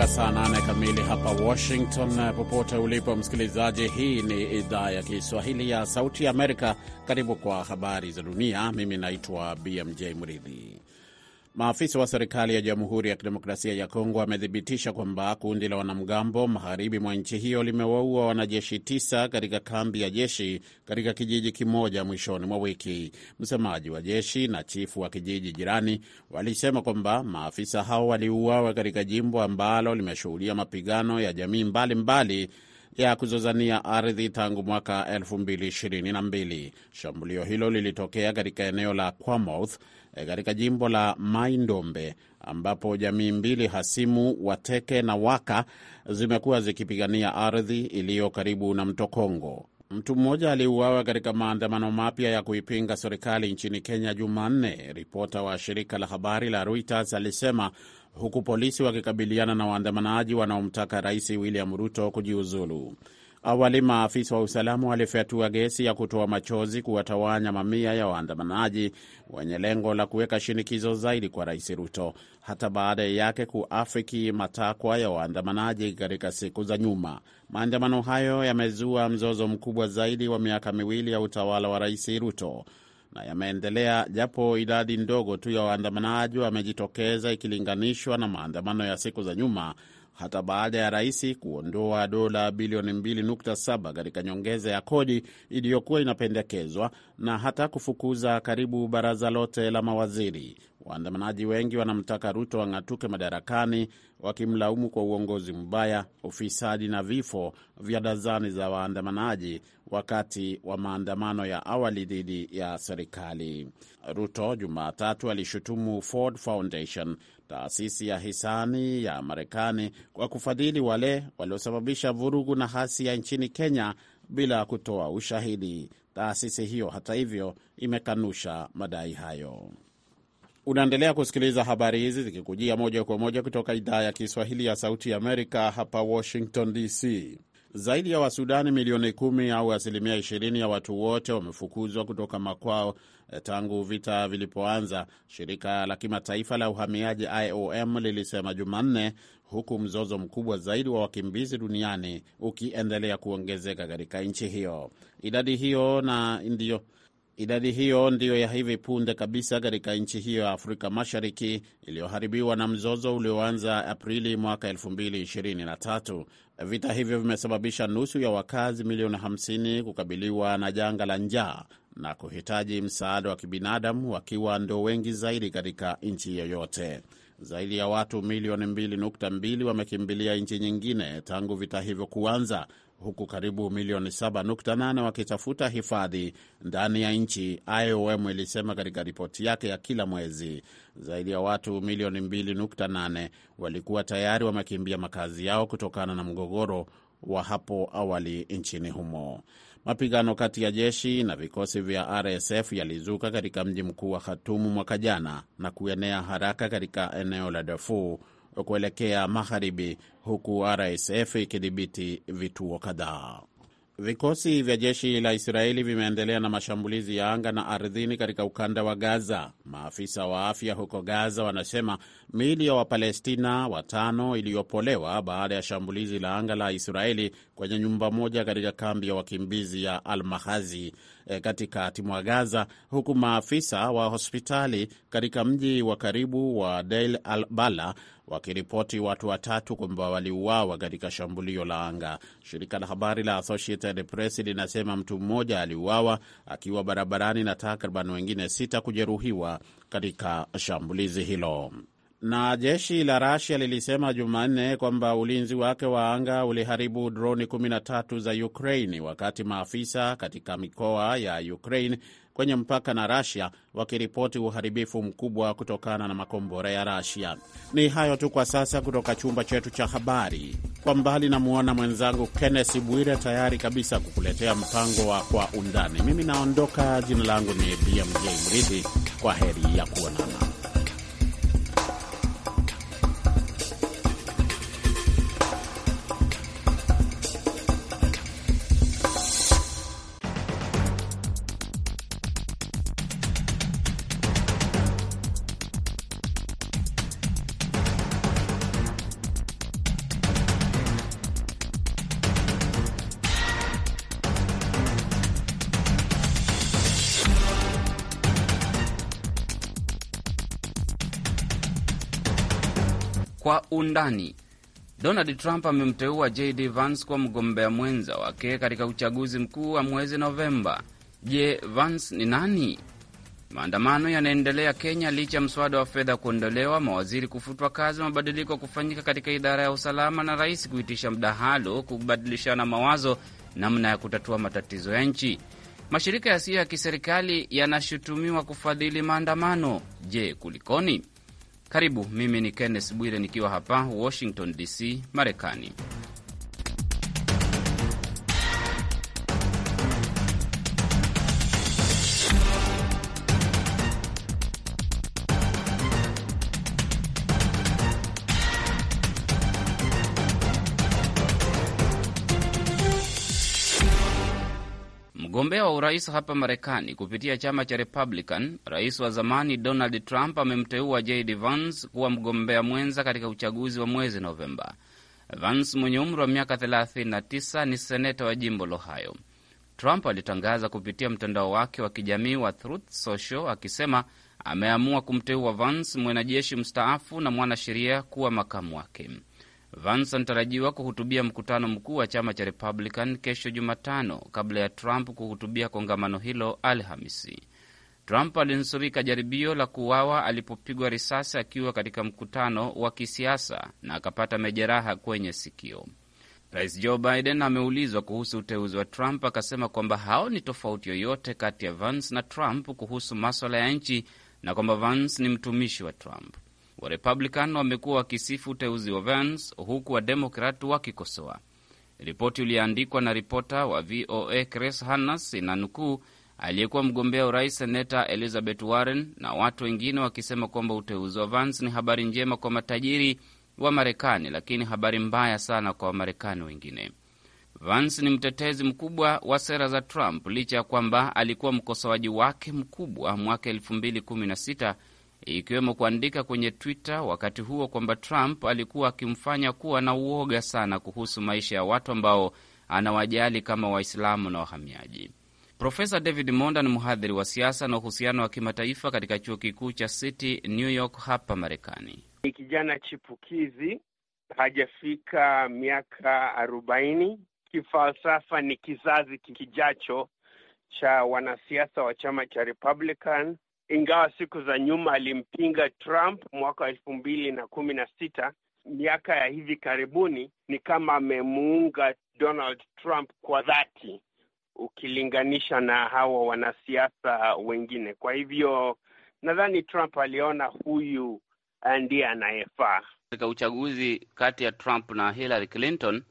Imegonga saa nane kamili hapa Washington. Popote ulipo msikilizaji, hii ni idhaa ya Kiswahili ya Sauti ya Amerika. Karibu kwa habari za dunia. Mimi naitwa BMJ Mridhi. Maafisa wa serikali ya Jamhuri ya Kidemokrasia ya Kongo wamethibitisha kwamba kundi la wanamgambo magharibi mwa nchi hiyo limewaua wanajeshi tisa katika kambi ya jeshi katika kijiji kimoja mwishoni mwa wiki. Msemaji wa jeshi na chifu wa kijiji jirani walisema kwamba maafisa hao waliuawa katika jimbo ambalo limeshuhudia mapigano ya jamii mbalimbali mbali ya kuzozania ardhi tangu mwaka 2022. Shambulio hilo lilitokea katika eneo la Kwamouth Eh, katika jimbo la maindombe ambapo jamii mbili hasimu Wateke na Waka zimekuwa zikipigania ardhi iliyo karibu na mto Kongo. Mtu mmoja aliuawa katika maandamano mapya ya kuipinga serikali nchini Kenya Jumanne, ripota wa shirika la habari la Reuters alisema, huku polisi wakikabiliana na waandamanaji wanaomtaka Rais William Ruto kujiuzulu. Awali maafisa wa usalama walifyatua gesi ya kutoa machozi kuwatawanya mamia ya waandamanaji wenye lengo la kuweka shinikizo zaidi kwa Rais Ruto hata baada yake kuafiki matakwa ya waandamanaji katika siku za nyuma. Maandamano hayo yamezua mzozo mkubwa zaidi wa miaka miwili ya utawala wa Rais Ruto na yameendelea japo idadi ndogo tu ya waandamanaji wamejitokeza ikilinganishwa na maandamano ya siku za nyuma hata baada ya rais kuondoa dola bilioni 2.7 katika nyongeza ya kodi iliyokuwa inapendekezwa na hata kufukuza karibu baraza lote la mawaziri. Waandamanaji wengi wanamtaka Ruto ang'atuke madarakani, wakimlaumu kwa uongozi mbaya, ufisadi na vifo vya dazani za waandamanaji wakati wa maandamano ya awali dhidi ya serikali. Ruto Jumatatu alishutumu Ford Foundation taasisi ya hisani ya Marekani kwa kufadhili wale waliosababisha vurugu na ya nchini Kenya bila kutoa ushahidi. Taasisi hiyo hata hivyo imekanusha madai hayo. Unaendelea kusikiliza habari hizi zikikujia moja kwa moja kutoka idhaa ya Kiswahili ya Sauti ya Amerika, hapa Washington DC. Zaidi ya Wasudani milioni kumi au asilimia 20 ya watu wote wamefukuzwa kutoka makwao Eh, tangu vita vilipoanza, shirika la kimataifa la uhamiaji IOM lilisema Jumanne, huku mzozo mkubwa zaidi wa wakimbizi duniani ukiendelea kuongezeka katika nchi hiyo. Idadi hiyo na ndiyo Idadi hiyo ndiyo ya hivi punde kabisa katika nchi hiyo ya Afrika Mashariki iliyoharibiwa na mzozo ulioanza Aprili mwaka 2023. Vita hivyo vimesababisha nusu ya wakazi milioni 50 kukabiliwa na janga la njaa na kuhitaji msaada wa kibinadamu, wakiwa ndo wengi zaidi katika nchi yoyote. Zaidi ya watu milioni 2.2 wamekimbilia nchi nyingine tangu vita hivyo kuanza, huku karibu milioni 7.8 wakitafuta hifadhi ndani ya nchi, IOM ilisema katika ripoti yake ya kila mwezi. Zaidi ya watu milioni 2.8 walikuwa tayari wamekimbia makazi yao kutokana na mgogoro wa hapo awali nchini humo. Mapigano kati ya jeshi na vikosi vya RSF yalizuka katika mji mkuu wa Khatumu mwaka jana na kuenea haraka katika eneo la Darfur kuelekea magharibi, huku RSF ikidhibiti vituo kadhaa. Vikosi vya jeshi la Israeli vimeendelea na mashambulizi ya anga na ardhini katika ukanda wa Gaza. Maafisa wa afya huko Gaza wanasema miili ya Wapalestina watano iliyopolewa baada ya shambulizi la anga la Israeli kwenye nyumba moja katika kambi ya wakimbizi ya Almahazi Eh, katika timu ya Gaza, huku maafisa wa hospitali katika mji wa karibu wa Deir al bala wakiripoti watu watatu kwamba waliuawa katika shambulio la anga. Shirika la habari la Associated Press linasema mtu mmoja aliuawa akiwa barabarani na takriban wengine sita kujeruhiwa katika shambulizi hilo. Na jeshi la Rasia lilisema Jumanne kwamba ulinzi wake wa anga uliharibu droni 13 za Ukraini, wakati maafisa katika mikoa ya ukrain kwenye mpaka na Rasia wakiripoti uharibifu mkubwa kutokana na makombora ya Rasia. Ni hayo tu kwa sasa kutoka chumba chetu cha habari. Kwa mbali namwona mwenzangu Kennes Bwire tayari kabisa kukuletea mpango wa Kwa Undani. Mimi naondoka, jina langu ni BMJ Mridhi. Kwa heri ya kuonana. ndani. Donald Trump amemteua JD Vance kuwa mgombea mwenza wake katika uchaguzi mkuu wa mwezi Novemba. Je, Vance ni nani? Maandamano yanaendelea Kenya licha ya mswada wa fedha kuondolewa, mawaziri kufutwa kazi, mabadiliko kufanyika katika idara ya usalama na rais kuitisha mdahalo kubadilishana mawazo namna ya kutatua matatizo ya nchi. Mashirika yasiyo ya kiserikali yanashutumiwa kufadhili maandamano. Je, kulikoni? Karibu, mimi ni Kenneth Bwire nikiwa hapa Washington DC, Marekani. Mgombea wa urais hapa Marekani kupitia chama cha Republican, rais wa zamani Donald Trump amemteua JD Vance kuwa mgombea mwenza katika uchaguzi wa mwezi Novemba. Vance mwenye umri wa miaka 39 ni seneta wa jimbo la Ohio. Trump alitangaza kupitia mtandao wake wa kijamii wa Truth Social akisema ameamua kumteua Vance, mwanajeshi mstaafu na mwanasheria, kuwa makamu wake. Vance anatarajiwa kuhutubia mkutano mkuu wa chama cha Republican kesho Jumatano, kabla ya Trump kuhutubia kongamano hilo Alhamisi. Trump alinusurika jaribio la kuuawa alipopigwa risasi akiwa katika mkutano wa kisiasa na akapata majeraha kwenye sikio. Rais Joe Biden ameulizwa kuhusu uteuzi wa Trump akasema kwamba haoni tofauti yoyote kati ya Vance na Trump kuhusu maswala ya nchi na kwamba Vance ni mtumishi wa Trump. Warepublican wamekuwa wakisifu uteuzi wa Vance huku Wademokrat wakikosoa. Ripoti iliyoandikwa na ripota wa VOA Chris Hannas nukuu aliyekuwa mgombea urais seneta Elizabeth Warren na watu wengine wakisema kwamba uteuzi wa Vance ni habari njema kwa matajiri wa Marekani, lakini habari mbaya sana kwa Wamarekani wengine. Vance ni mtetezi mkubwa wa sera za Trump licha ya kwamba alikuwa mkosoaji wake mkubwa mwaka 2016 E, ikiwemo kuandika kwenye Twitter wakati huo kwamba Trump alikuwa akimfanya kuwa na uoga sana kuhusu maisha ya watu ambao anawajali kama Waislamu na wahamiaji. Profesa David Monda ni mhadhiri wa siasa na uhusiano wa kimataifa katika chuo kikuu cha City New York hapa Marekani. Ni kijana chipukizi, hajafika miaka arobaini. Kifalsafa ni kizazi kijacho cha wanasiasa wa chama cha Republican ingawa siku za nyuma alimpinga Trump mwaka wa elfu mbili na kumi na sita, miaka ya hivi karibuni ni kama amemuunga Donald Trump kwa dhati ukilinganisha na hawa wanasiasa wengine. Kwa hivyo nadhani Trump aliona huyu eh, ndiye anayefaa. Katika uchaguzi kati ya Trump na Hillary Clinton,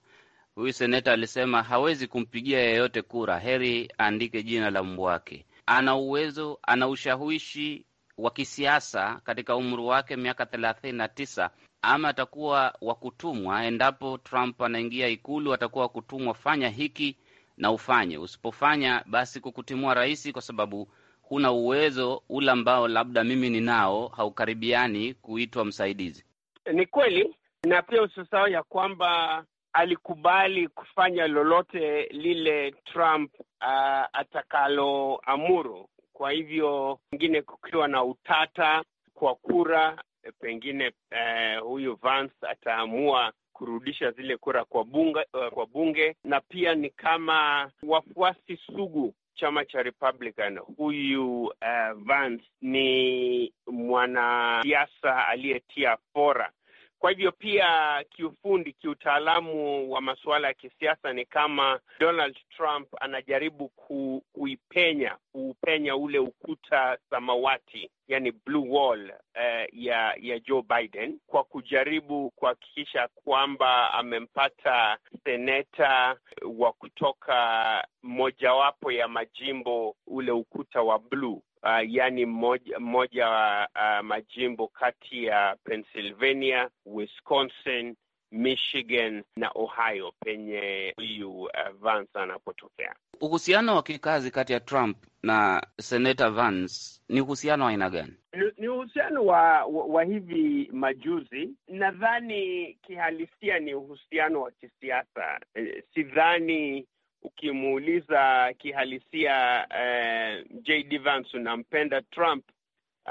huyu seneta alisema hawezi kumpigia yeyote kura, heri aandike jina la mbwa wake ana uwezo, ana ushawishi wa kisiasa katika umri wake miaka thelathini na tisa, ama atakuwa wa kutumwa. Endapo Trump anaingia Ikulu, atakuwa wa kutumwa, fanya hiki na ufanye, usipofanya basi kukutimua rais, kwa sababu huna uwezo ule ambao labda mimi ninao, haukaribiani kuitwa msaidizi. Ni kweli, na pia usisahau ya kwamba alikubali kufanya lolote lile Trump uh, atakaloamuru. Kwa hivyo pengine kukiwa na utata kwa kura, pengine uh, huyu Vance ataamua kurudisha zile kura kwa bunge, uh, kwa bunge na pia ni kama wafuasi sugu chama cha Republican. Huyu uh, Vance ni mwanasiasa aliyetia fora kwa hivyo pia kiufundi, kiutaalamu wa masuala ya kisiasa ni kama Donald Trump anajaribu ku, kuipenya kuupenya ule ukuta samawati, yani blue wall eh, ya ya Joe Biden kwa kujaribu kuhakikisha kwamba amempata seneta wa kutoka mojawapo ya majimbo ule ukuta wa blue uh, ah, yaani mmoja mmoja wa uh, majimbo kati ya Pennsylvania, Wisconsin, Michigan na Ohio penye huyu uh, Vance anapotokea. Uhusiano wa kikazi kati ya Trump na Senata Vance ni uhusiano wa aina gani? Ni, ni uhusiano wa, wa, wa hivi majuzi. Nadhani kihalisia ni uhusiano wa kisiasa. Eh, sidhani ukimuuliza kihalisia eh, JD Vance unampenda Trump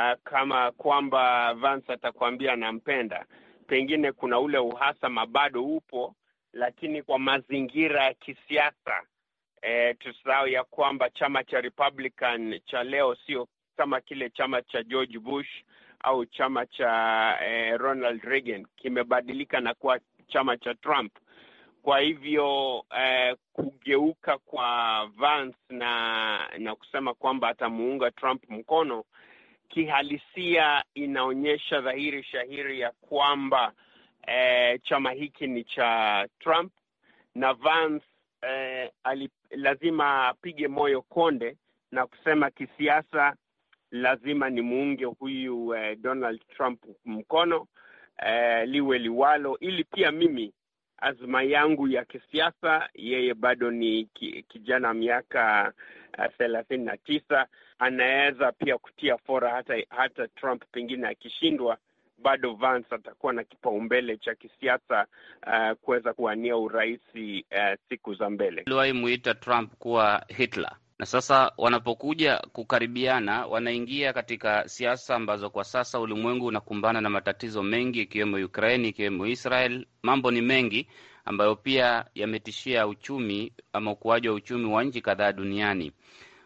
eh, kama kwamba Vance atakwambia anampenda, pengine kuna ule uhasama bado upo, lakini kwa mazingira ya kisiasa eh, tusahau ya kwamba chama cha Republican cha leo sio kama kile chama cha George Bush au chama cha eh, Ronald Reagan kimebadilika na kuwa chama cha Trump kwa hivyo eh, kugeuka kwa Vance na na kusema kwamba atamuunga Trump mkono kihalisia inaonyesha dhahiri shahiri ya kwamba eh, chama hiki ni cha Trump na Vance eh, alip, lazima apige moyo konde na kusema kisiasa, lazima ni muunge huyu eh, Donald Trump mkono eh, liwe liwalo, ili pia mimi azma yangu ya kisiasa. Yeye bado ni kijana miaka uh, thelathini na tisa, anaweza pia kutia fora hata hata Trump pengine akishindwa bado Vance atakuwa na kipaumbele cha kisiasa uh, kuweza kuwania urais uh, siku za mbele. Aliwahi mwita Trump kuwa Hitler? na sasa wanapokuja kukaribiana, wanaingia katika siasa ambazo kwa sasa ulimwengu unakumbana na matatizo mengi, ikiwemo Ukraini, ikiwemo Israel. Mambo ni mengi ambayo pia yametishia uchumi ama ukuaji wa uchumi wa nchi kadhaa duniani.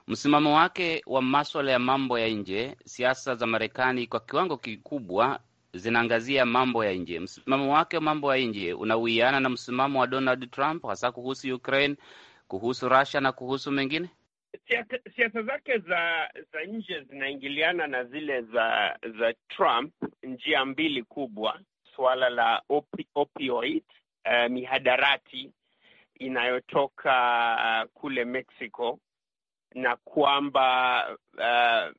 Msimamo wake wa maswala ya mambo ya nje, siasa za Marekani kwa kiwango kikubwa zinaangazia mambo ya nje. Msimamo wake wa mambo ya nje unawiana na msimamo wa Donald Trump, hasa kuhusu Ukraine, kuhusu Russia na kuhusu mengine siasa zake za za nje zinaingiliana na zile za za Trump, njia mbili kubwa, suala la opi, opioid uh, mihadarati inayotoka eh, kule Mexico na kwamba uh, eh,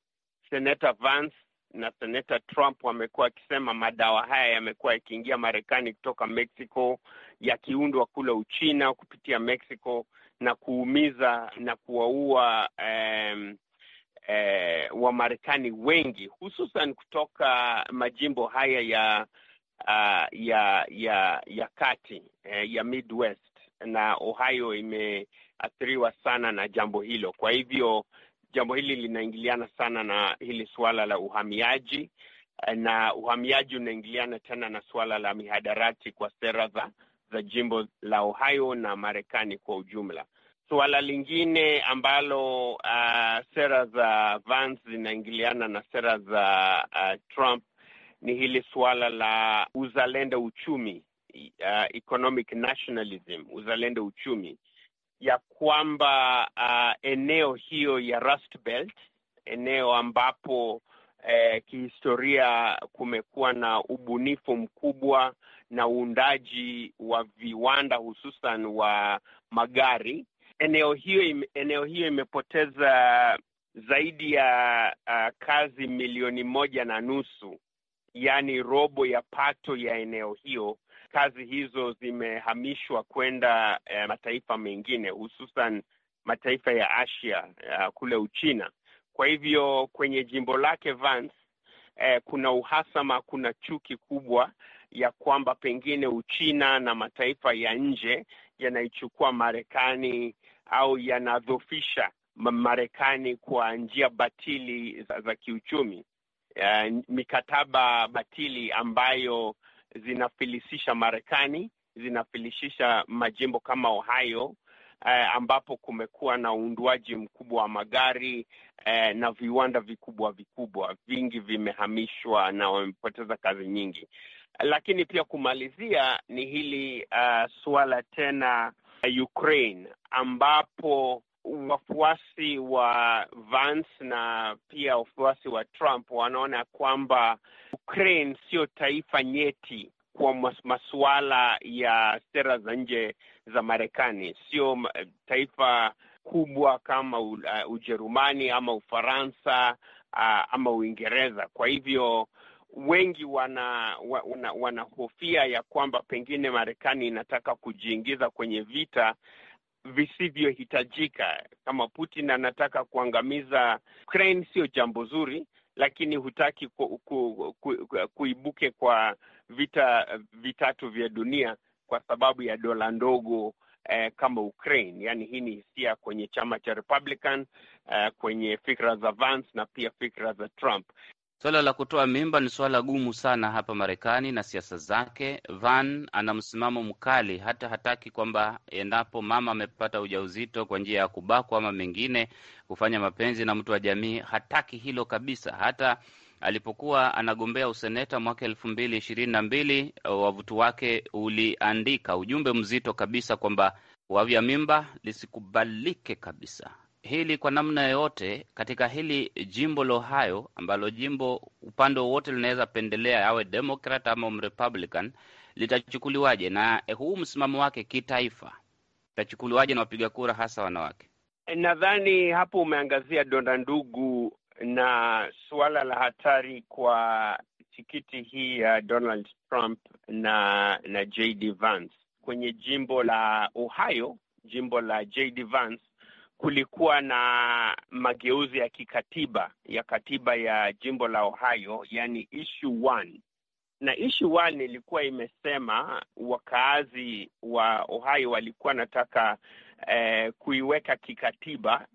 Senator Vance na Senator Trump wamekuwa wakisema madawa haya yamekuwa yakiingia Marekani kutoka Mexico, yakiundwa kule Uchina kupitia Mexico na kuumiza na kuwaua um, E, eh, Wamarekani wengi hususan kutoka majimbo haya ya uh, ya ya ya kati eh, ya Midwest na Ohio imeathiriwa sana na jambo hilo. Kwa hivyo jambo hili linaingiliana sana na hili suala la uhamiaji, eh, na uhamiaji unaingiliana tena na suala la mihadarati kwa sera za za jimbo la Ohio na Marekani kwa ujumla. Suala lingine ambalo uh, sera za Vance zinaingiliana na sera za uh, Trump ni hili suala la uzalendo uchumi, uh, economic nationalism, uzalendo uchumi, ya kwamba uh, eneo hiyo ya Rust Belt, eneo ambapo eh, kihistoria kumekuwa na ubunifu mkubwa na uundaji wa viwanda hususan wa magari eneo hiyo eneo hiyo imepoteza zaidi ya uh, kazi milioni moja na nusu, yaani robo ya pato ya eneo hiyo. Kazi hizo zimehamishwa kwenda uh, mataifa mengine, hususan mataifa ya Asia uh, kule Uchina. Kwa hivyo kwenye jimbo lake Vance eh, kuna uhasama, kuna chuki kubwa ya kwamba pengine Uchina na mataifa ya nje yanaichukua Marekani au yanadhofisha Marekani kwa njia batili za, za kiuchumi uh, mikataba batili ambayo zinafilisisha Marekani, zinafilisisha majimbo kama Ohio uh, ambapo kumekuwa na uunduaji mkubwa wa magari uh, na viwanda vikubwa vikubwa vingi vimehamishwa na wamepoteza kazi nyingi. Lakini pia kumalizia ni hili uh, suala tena Ukraine ambapo wafuasi wa Vance na pia wafuasi wa Trump wanaona kwamba Ukraine sio taifa nyeti kwa masuala ya sera za nje za Marekani, sio taifa kubwa kama uh, Ujerumani ama Ufaransa uh, ama Uingereza. Kwa hivyo wengi wana, wana wanahofia ya kwamba pengine Marekani inataka kujiingiza kwenye vita visivyohitajika. Kama Putin anataka kuangamiza Ukraine, sio jambo zuri, lakini hutaki ku, ku, ku, ku, kuibuke kwa vita vitatu vya dunia kwa sababu ya dola ndogo eh, kama Ukraine. Yaani hii ni hisia kwenye chama cha Republican eh, kwenye fikra za Vance na pia fikra za Trump swala la kutoa mimba ni suala gumu sana hapa Marekani na siasa zake. Van ana msimamo mkali, hata hataki kwamba endapo mama amepata ujauzito kwa njia ya kubakwa ama mengine kufanya mapenzi na mtu wa jamii, hataki hilo kabisa. Hata alipokuwa anagombea useneta mwaka elfu mbili ishirini na mbili wavutu wake uliandika ujumbe mzito kabisa kwamba wavya mimba lisikubalike kabisa hili kwa namna yoyote katika hili jimbo la Ohio ambalo jimbo upande wowote linaweza pendelea awe Democrat ama Mrepublican litachukuliwaje na eh, huu msimamo wake kitaifa litachukuliwaje na wapiga kura hasa wanawake? Eh, nadhani hapo umeangazia donda ndugu na suala la hatari kwa tikiti hii ya Donald Trump na na JD Vance kwenye jimbo la Ohio, jimbo la JD Vance kulikuwa na mageuzi ya kikatiba ya katiba ya jimbo la Ohio, yani issue one, na issue one ilikuwa imesema wakaazi wa Ohio walikuwa wanataka eh, kuiweka kikatiba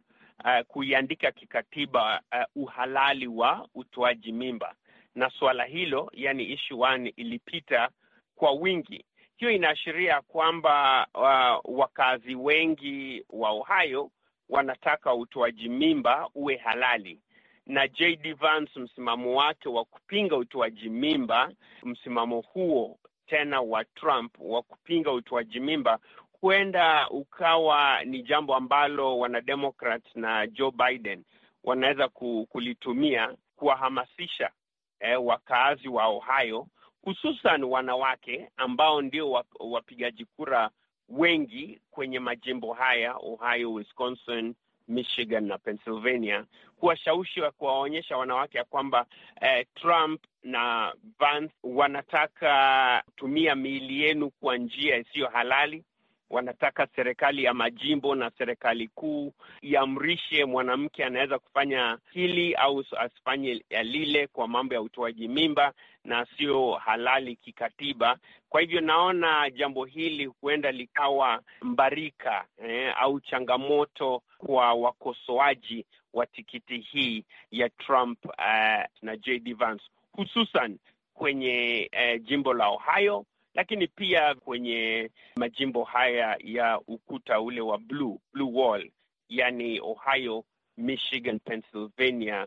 eh, kuiandika kikatiba eh, uhalali wa utoaji mimba, na suala hilo yani issue one ilipita kwa wingi. Hiyo inaashiria kwamba uh, ah, wakazi wengi wa Ohio wanataka utoaji mimba uwe halali na JD Vance msimamo wake wa kupinga utoaji mimba, msimamo huo tena wa Trump wa kupinga utoaji mimba huenda ukawa ni jambo ambalo wanademokrat na Joe Biden wanaweza kulitumia kuwahamasisha eh, wakaazi wa Ohio hususan wanawake ambao ndio wapigaji kura wengi kwenye majimbo haya Ohio, Wisconsin, Michigan na Pennsylvania, kuwashawishi wa kuwaonyesha wanawake ya kwamba eh, Trump na Vance wanataka tumia miili yenu kwa njia isiyo halali, wanataka serikali ya majimbo na serikali kuu iamrishe mwanamke anaweza kufanya hili au asifanye lile kwa mambo ya utoaji mimba, na sio halali kikatiba. Kwa hivyo naona jambo hili huenda likawa mbarika eh, au changamoto kwa wakosoaji wa tikiti hii ya Trump eh, na JD Vance hususan kwenye eh, jimbo la Ohio lakini pia kwenye majimbo haya ya ukuta ule wa blue, blue wall, yani Ohio, Michigan, Pennsylvania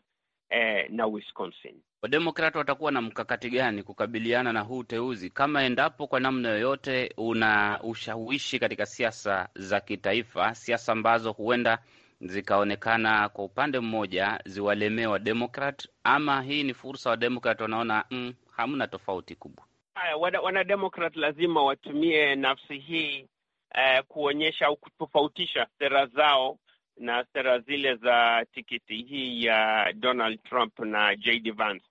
eh, na Wisconsin. Wademokrat watakuwa na mkakati gani kukabiliana na huu uteuzi, kama endapo kwa namna yoyote una ushawishi katika siasa za kitaifa, siasa ambazo huenda zikaonekana kwa upande mmoja ziwalemee Wademokrat, ama hii ni fursa Wademokrat wanaona mm, hamna tofauti kubwa? Haya, wanademokrat lazima watumie nafsi hii eh, kuonyesha au kutofautisha sera zao na sera zile za tikiti hii ya Donald Trump na JD Vance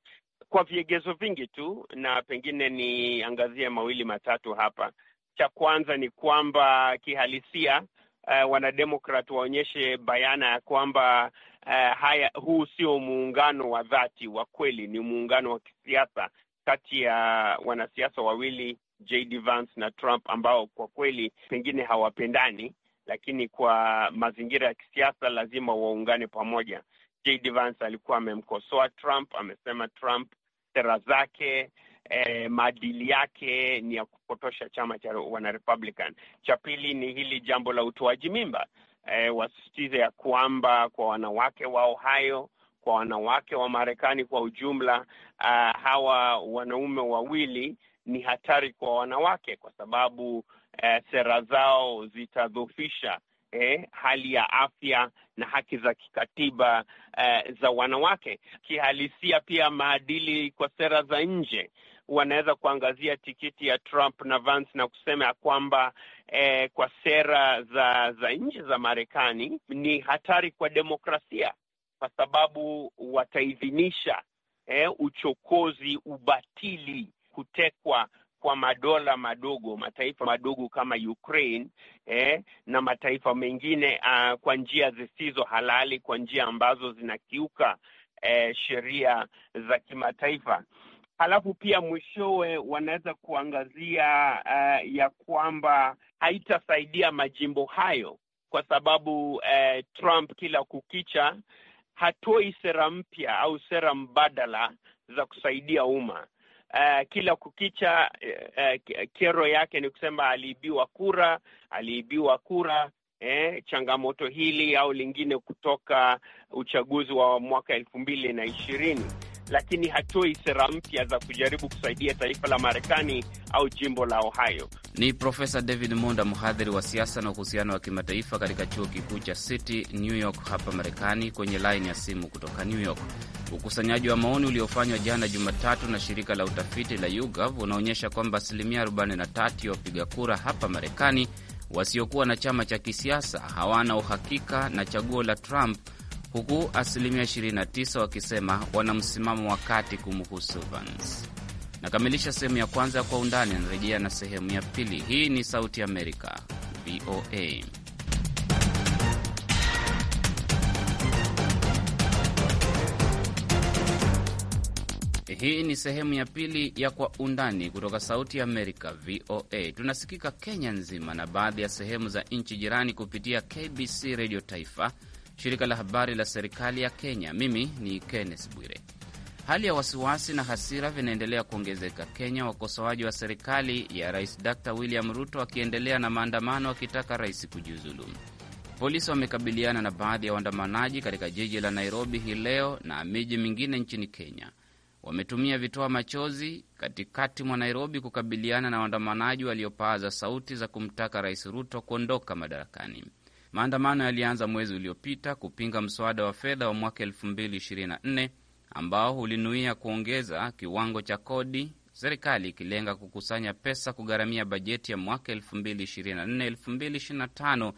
kwa viegezo vingi tu, na pengine niangazie mawili matatu hapa. Cha kwanza ni kwamba kihalisia, eh, wanademokrat waonyeshe bayana ya kwamba eh, haya, huu sio muungano wa dhati wa kweli, ni muungano wa kisiasa kati ya wanasiasa wawili JD Vance na Trump ambao kwa kweli pengine hawapendani, lakini kwa mazingira ya kisiasa lazima waungane pamoja. JD Vance alikuwa amemkosoa Trump, amesema Trump sera zake eh, maadili yake ni ya kupotosha chama cha wanarepublican. Cha pili ni hili jambo la utoaji mimba eh, wasisitize ya kwamba kwa wanawake wa Ohio kwa wanawake wa Marekani kwa ujumla. Uh, hawa wanaume wawili ni hatari kwa wanawake kwa sababu uh, sera zao zitadhofisha eh, hali ya afya na haki za kikatiba uh, za wanawake. Kihalisia pia maadili kwa sera za nje wanaweza kuangazia tikiti ya Trump na Vance na kusema ya kwamba eh, kwa sera za za nje za Marekani ni hatari kwa demokrasia kwa sababu wataidhinisha eh, uchokozi, ubatili, kutekwa kwa madola madogo, mataifa madogo kama Ukraine eh, na mataifa mengine uh, kwa njia zisizo halali, kwa njia ambazo zinakiuka eh, sheria za kimataifa. Halafu pia mwishowe wanaweza kuangazia uh, ya kwamba haitasaidia majimbo hayo kwa sababu uh, Trump kila kukicha hatoi sera mpya au sera mbadala za kusaidia umma. Uh, kila kukicha uh, kero yake ni kusema aliibiwa kura, aliibiwa kura eh, changamoto hili au lingine kutoka uchaguzi wa mwaka elfu mbili na ishirini lakini hatoi sera mpya za kujaribu kusaidia taifa la Marekani au jimbo la Ohio. Ni Profesa David Monda, mhadhiri wa siasa na uhusiano wa kimataifa katika chuo kikuu cha City New York hapa Marekani, kwenye laini ya simu kutoka New York. Ukusanyaji wa maoni uliofanywa jana Jumatatu na shirika la utafiti la YouGov unaonyesha kwamba asilimia 43 ya wapiga kura hapa Marekani wasiokuwa na chama cha kisiasa hawana uhakika na chaguo la Trump huku asilimia 29 wakisema wana msimamo wa kati kumhusu Vance. Nakamilisha sehemu ya kwanza ya Kwa Undani, anarejea na sehemu ya pili. Hii ni Sauti Amerika, VOA. Hii ni sehemu ya pili ya Kwa Undani kutoka Sauti ya Amerika, VOA. Tunasikika Kenya nzima na baadhi ya sehemu za nchi jirani kupitia KBC Redio Taifa shirika la habari la serikali ya Kenya. Mimi ni Kenneth Bwire. Hali ya wasiwasi na hasira vinaendelea kuongezeka Kenya, wakosoaji wa serikali ya Rais Dr William Ruto akiendelea na maandamano akitaka rais kujiuzulu. Polisi wamekabiliana na baadhi ya waandamanaji katika jiji la Nairobi hii leo na miji mingine nchini Kenya. Wametumia vitoa machozi katikati mwa Nairobi kukabiliana na waandamanaji waliopaaza sauti za kumtaka Rais Ruto kuondoka madarakani. Maandamano yalianza mwezi uliopita kupinga mswada wa fedha wa mwaka 2024 ambao ulinuia kuongeza kiwango cha kodi, serikali ikilenga kukusanya pesa kugharamia bajeti ya mwaka 2024-2025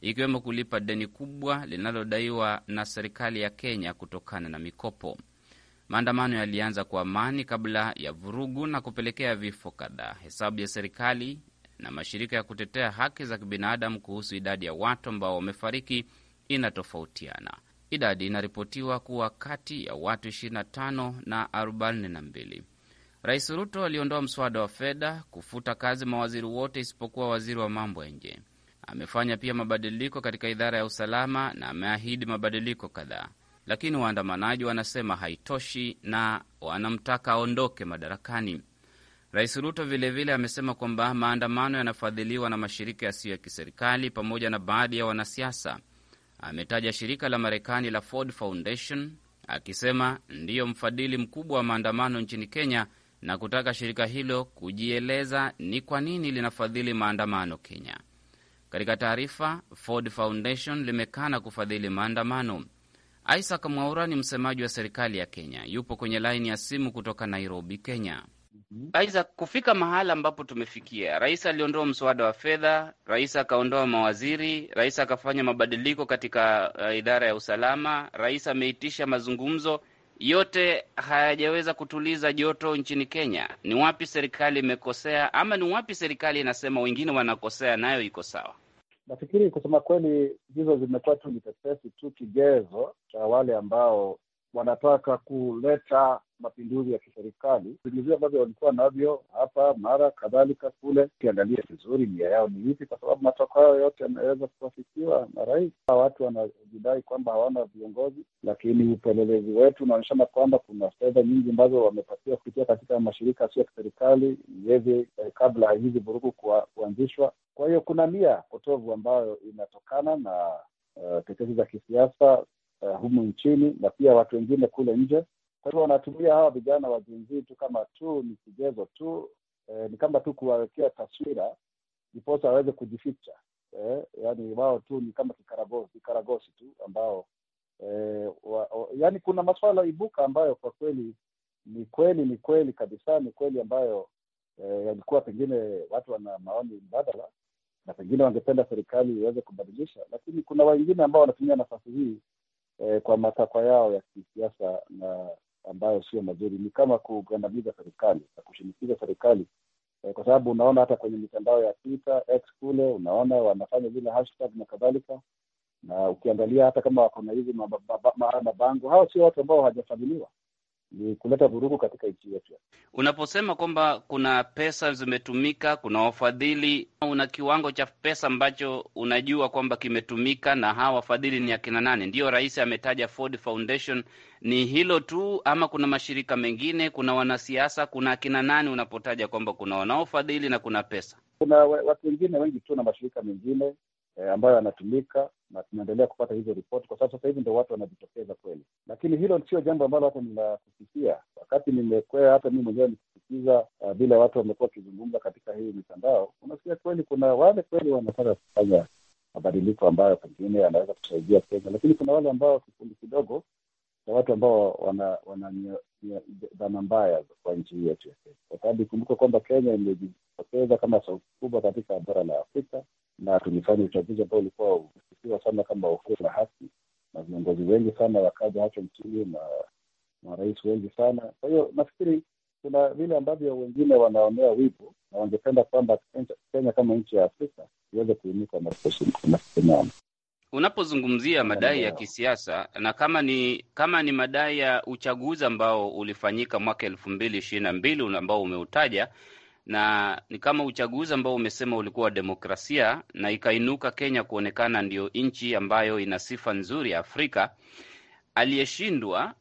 ikiwemo kulipa deni kubwa linalodaiwa na serikali ya Kenya kutokana na mikopo. Maandamano yalianza kwa amani kabla ya vurugu na kupelekea vifo kadhaa. Hesabu ya serikali na mashirika ya kutetea haki za kibinadamu kuhusu idadi ya watu ambao wamefariki inatofautiana. Idadi inaripotiwa kuwa kati ya watu 25 na 42. Rais Ruto aliondoa mswada wa fedha kufuta kazi mawaziri wote isipokuwa waziri wa mambo ya nje. Amefanya pia mabadiliko katika idara ya usalama na ameahidi mabadiliko kadhaa, lakini waandamanaji wanasema haitoshi na wanamtaka aondoke madarakani. Rais Ruto vilevile amesema kwamba maandamano yanafadhiliwa na mashirika yasiyo ya kiserikali pamoja na baadhi ya wanasiasa. Ametaja shirika la Marekani la Ford Foundation akisema ndiyo mfadhili mkubwa wa maandamano nchini Kenya na kutaka shirika hilo kujieleza ni kwa nini linafadhili maandamano Kenya. Katika taarifa, Ford Foundation limekana kufadhili maandamano. Isaac Mwaura ni msemaji wa serikali ya Kenya, yupo kwenye laini ya simu kutoka Nairobi, Kenya. Mhm. Aiza, kufika mahala ambapo tumefikia, rais aliondoa mswada wa fedha, rais akaondoa mawaziri, rais akafanya mabadiliko katika uh, idara ya usalama, rais ameitisha mazungumzo. Yote hayajaweza kutuliza joto nchini Kenya. Ni wapi serikali imekosea, ama ni wapi serikali inasema wengine wanakosea nayo iko sawa? Nafikiri kusema kweli, hizo zimekuwa tu ni tetesi tu, kigezo cha wale ambao wanataka kuleta mapinduzi ya kiserikali, vingizio ambavyo walikuwa navyo hapa, mara kadhalika kule. Ukiangalia vizuri, nia yao ni hivi Kwa sababu matoko hayo yote yameweza kuafikiwa na rais. Watu wanajidai kwamba hawana viongozi, lakini upelelezi wetu unaonyeshana kwamba kuna fedha nyingi ambazo wamepatiwa kupitia katika mashirika yasiyo ya kiserikali miezi eh, kabla hizi vurugu kuanzishwa. Kwa hiyo kuna nia potovu ambayo inatokana na uh, eh, tetezi za kisiasa uh, humu nchini na pia watu wengine kule nje. Kwa hivyo wanatumia hawa vijana wa Gen Z tu kama tu ni kigezo tu eh, ni kama tu kuwawekea taswira ndiposa waweze kujificha eh, yani wao tu ni kama kikaragosi, kikaragosi tu ambao eh, wa, wa, yani kuna maswala ibuka ambayo kwa kweli ni kweli ni kweli kabisa ni kweli ambayo eh, yalikuwa pengine watu wana maoni mbadala na pengine wangependa serikali iweze kubadilisha, lakini kuna wengine ambao wanatumia nafasi hii eh, kwa matakwa yao ya kisiasa na ambayo sio mazuri. Ni kama kugandamiza serikali na kushinikiza serikali eh, kwa sababu unaona hata kwenye mitandao ya Twitter, X kule, unaona wanafanya zile hashtag na kadhalika, na ukiangalia hata kama wako na hizi mabango, hao sio watu ambao hawajafadhiliwa ni kuleta vurugu katika nchi yetu. Unaposema kwamba kuna pesa zimetumika, kuna wafadhili, una kiwango cha pesa ambacho unajua kwamba kimetumika na hawa wafadhili ni akina nani? Ndiyo, rais ametaja Ford Foundation. Ni hilo tu ama kuna mashirika mengine, kuna wanasiasa, kuna akina nani unapotaja kwamba kuna wanaofadhili na kuna pesa? Kuna watu wengine wengi tu na mashirika mengine eh, ambayo yanatumika na tunaendelea kupata hizo ripoti kwa sababu sasa hivi ndo watu wanajitokeza kweli, lakini hilo sio jambo ambalo hata ni Wakati nimekwea hata mii mwenyewe nikisikiza uh, vile watu wamekuwa wakizungumza katika hii mitandao, unasikia kweli kuna wale kweli wanataka kufanya mabadiliko ambayo pengine yanaweza kusaidia Kenya, lakini kuna wale ambao kikundi kidogo cha watu ambao wana wana dhana mbaya kwa nchi hii yetu ya Kenya, kwa sababu ikumbuke kwamba Kenya imejitokeza kama sauti kubwa katika bara la Afrika na tulifanya uchaguzi ambao ulikuwa ukisifiwa sana kama uhuru na haki, na viongozi wengi sana wakaja hacho nchini na marais wengi sana. Kwa hiyo nafikiri kuna vile ambavyo wengine wanaonea wivu na wangependa kwamba Kenya kama nchi ya Afrika iweze kuinuka na kusimama. Unapozungumzia madai ya kisiasa na kama ni kama ni madai ya uchaguzi ambao ulifanyika mwaka elfu mbili ishirini na mbili ambao umeutaja na ni kama uchaguzi ambao umesema ulikuwa wa demokrasia na ikainuka Kenya kuonekana ndiyo nchi ambayo ina sifa nzuri ya Afrika. Aliyeshindwa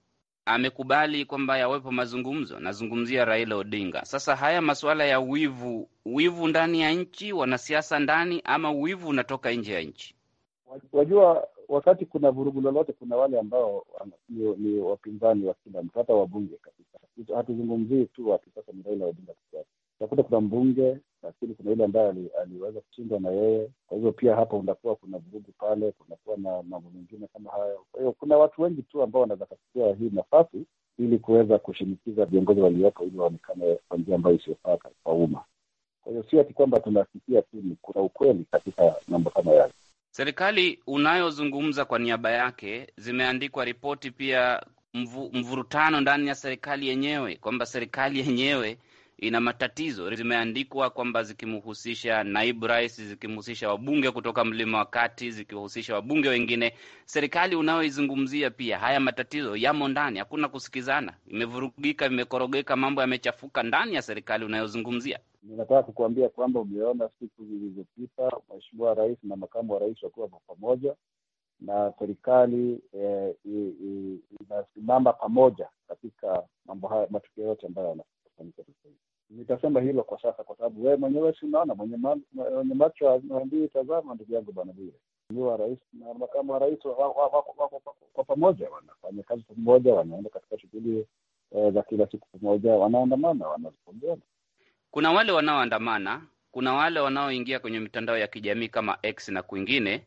amekubali kwamba yawepo mazungumzo, nazungumzia Raila Odinga. Sasa haya masuala ya wivu, wivu ndani ya nchi, wanasiasa ndani, ama wivu unatoka nje ya nchi? Wajua, wakati kuna vurugu lolote, kuna wale ambao ni wapinzani wa kila mtu, hata wabunge kabisa. Hatuzungumzii tu ati sasa ni Raila Odinga peke yake utakuta kuna mbunge, lakini kuna yule ambaye ali, aliweza kushindwa na yeye. Kwa hivyo pia hapo unakuwa kuna vurugu pale, kunakuwa na mambo mengine kama hayo. Kwa hiyo kuna watu wengi tu ambao wanaweza kuchukua hii nafasi ili kuweza kushinikiza viongozi waliopo ili waonekane kwa njia ambayo isiyofaa kwa umma. Kwa hiyo sio ati kwamba tunasikia tu, ni kuna ukweli katika mambo kama yale. Serikali unayozungumza kwa niaba yake, zimeandikwa ripoti pia mvu, mvurutano ndani ya serikali yenyewe, kwamba serikali yenyewe ina matatizo, zimeandikwa kwamba zikimhusisha naibu rais, zikimhusisha wabunge kutoka mlima wa kati, zikiwahusisha wabunge wengine. Serikali unayoizungumzia pia haya matatizo yamo ndani, hakuna kusikizana, imevurugika, imekorogeka, mambo yamechafuka ndani ya serikali unayozungumzia. Ninataka kukuambia kwamba umeona siku zilizopita mheshimiwa rais na makamu wa rais wakiwa pamoja na serikali eh, inasimama pamoja katika mambo haya, matukio yote ambayo yana kufanyika sasa nitasema hilo kwa sasa, kwa sababu wewe mwenyewe si unaona, mwenye, macho haambiwi tazama. Ndugu yangu bwana Bwire, mheshimiwa rais na makamu wa rais wako kwa pamoja, wanafanya kazi pamoja, wanaenda katika shughuli eh, za kila siku pamoja, wanaandamana, wanazipongeza. Kuna wale wanaoandamana, kuna wale wanaoingia kwenye mitandao ya kijamii kama X na kwingine,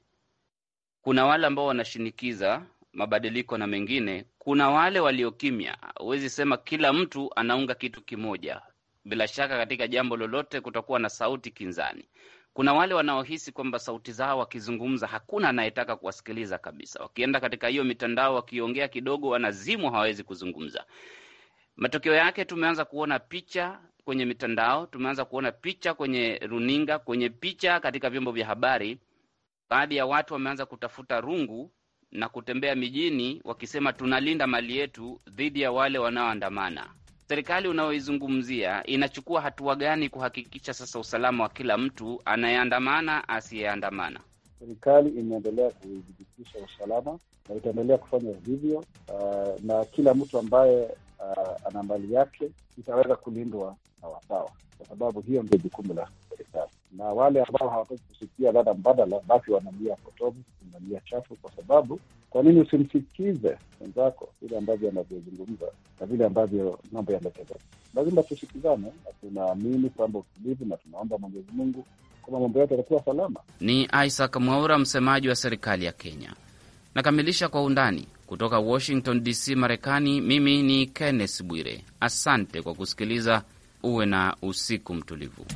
kuna wale ambao wanashinikiza mabadiliko na mengine, kuna wale waliokimya. Huwezi sema kila mtu anaunga kitu kimoja. Bila shaka, katika jambo lolote kutakuwa na sauti kinzani. Kuna wale wanaohisi kwamba sauti zao wakizungumza hakuna anayetaka kuwasikiliza kabisa. Wakienda katika hiyo mitandao, wakiongea kidogo, wanazimwa, hawawezi kuzungumza. Matokeo yake tumeanza kuona picha kwenye mitandao, tumeanza kuona picha kwenye runinga, kwenye picha katika vyombo vya habari. Baadhi ya watu wameanza kutafuta rungu na kutembea mijini wakisema tunalinda mali yetu dhidi ya wale wanaoandamana. Serikali unayoizungumzia inachukua hatua gani kuhakikisha sasa usalama wa kila mtu anayeandamana, asiyeandamana? Serikali imeendelea kuhibitisha usalama na itaendelea kufanya hivyo, uh, na kila mtu ambaye uh, ana mali yake itaweza kulindwa sawasawa, kwa sababu hiyo ndio jukumu la na wale ambao hawataki kusikia dhana mbadala, basi wanalia potovu, wanalia chafu. Kwa sababu kwa nini usimsikize mwenzako vile ambavyo anavyozungumza na vile ambavyo mambo yanatendeka? Lazima tusikizane, na tunaamini kwamba utulivu, na tunaomba Mwenyezi Mungu kwamba mambo yote yatakuwa salama. Ni Isaac Mwaura, msemaji wa serikali ya Kenya. Nakamilisha kwa undani kutoka Washington DC, Marekani. Mimi ni Kenneth Bwire, asante kwa kusikiliza. Uwe na usiku mtulivu.